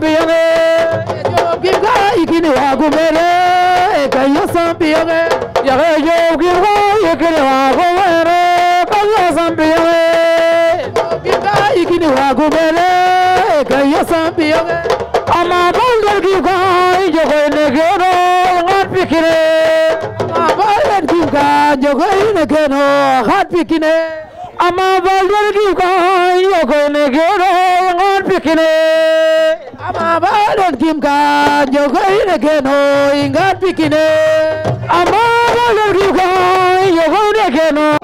sambiyonge jogimga ikini wagumere kayo sambiyonge yage jogimga ikini wagumere kayo sambiyonge jogimga ikini wagumere kayo sambiyonge ama bangal gimga jogoyne geno ngat pikine ama bangal gimga jogoyne geno ngat pikine ama bangal gimga jogoyne geno ngat pikine ama balon kim ka jogo ine keno ingat pikine ama balon kim ka jogo ine keno